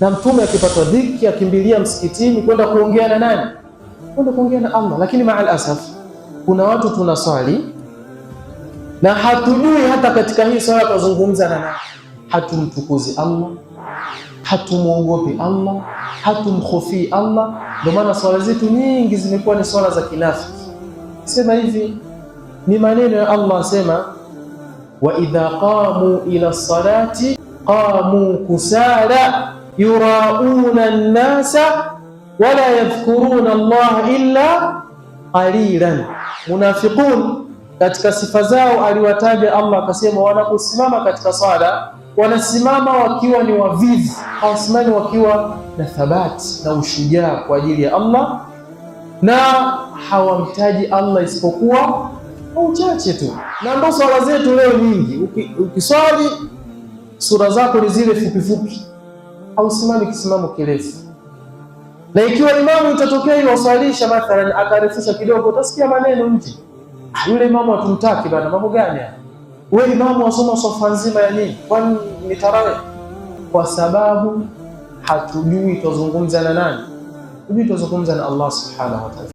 Na mtume akipata dhiki akimbilia msikitini kwenda kuongea na nani? Kwenda kuongea na Allah. Lakini maal asaf, kuna watu tunaswali na hatujui hata katika hii swala tuzungumza na nani, hatumtukuzi Allah, hatumwogopi Allah, hatumkhofi Allah. Ndio maana swala zetu nyingi zimekuwa ni swala za kinafiki. Sema hivi ni maneno ya Allah, asema wa idha qamu ila salati qamu kusala yurauna nnasa wala yadhkuruna Allah illa qalilan. Munafiqun katika sifa zao aliwataja Allah akasema, wanaposimama katika sala wanasimama wakiwa ni wavivu, hawasimami wakiwa na thabati na ushujaa kwa ajili ya Allah, na hawamtaji Allah isipokuwa kwa uchache tu, na ndo swala zetu leo nyingi. Ukiswali sura zako ni zile fupifupi hausimami kisimamo kirefu. Na ikiwa imamu itatokea iwaswalisha mathalan akarefusha kidogo, utasikia maneno nje, ah, yule imamu hatumtaki bana. Mambo gani haya? Wewe imamu wasoma swafa nzima ya nini? Kwani ni tarawe? Kwa sababu hatujui tuzungumza na nani, hatujui tuzungumza na Allah subhanahu wa ta'ala.